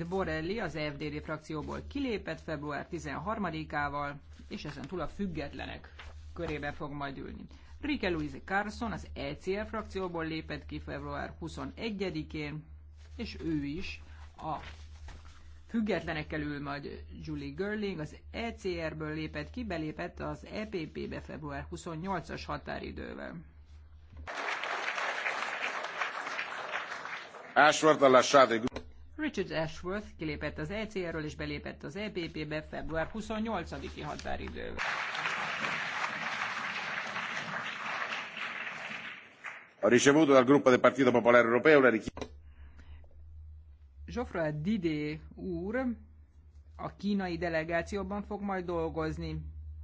Itt Borelli az e FDD frakcióból kilépett február 13-ával, és ezen túl a függetlenek körébe fog majd ülni. Rike Louise Carson az ECR frakcióból lépett ki február 21-én, és ő is a függetlenekkel ül majd Julie Görling, az ECR-ből lépett ki, belépett az EPP-be február 28-as határidővel. Ashworth Sádi lasciato Richard Ashworth kilépett az ECR-ről és belépett az EPP-be február 28-i határidővel. Ha ricevuto dal gruppo del Partito Popolare Europeo la richiesta. Geoffroy Didé úr a kínai delegációban fog majd dolgozni.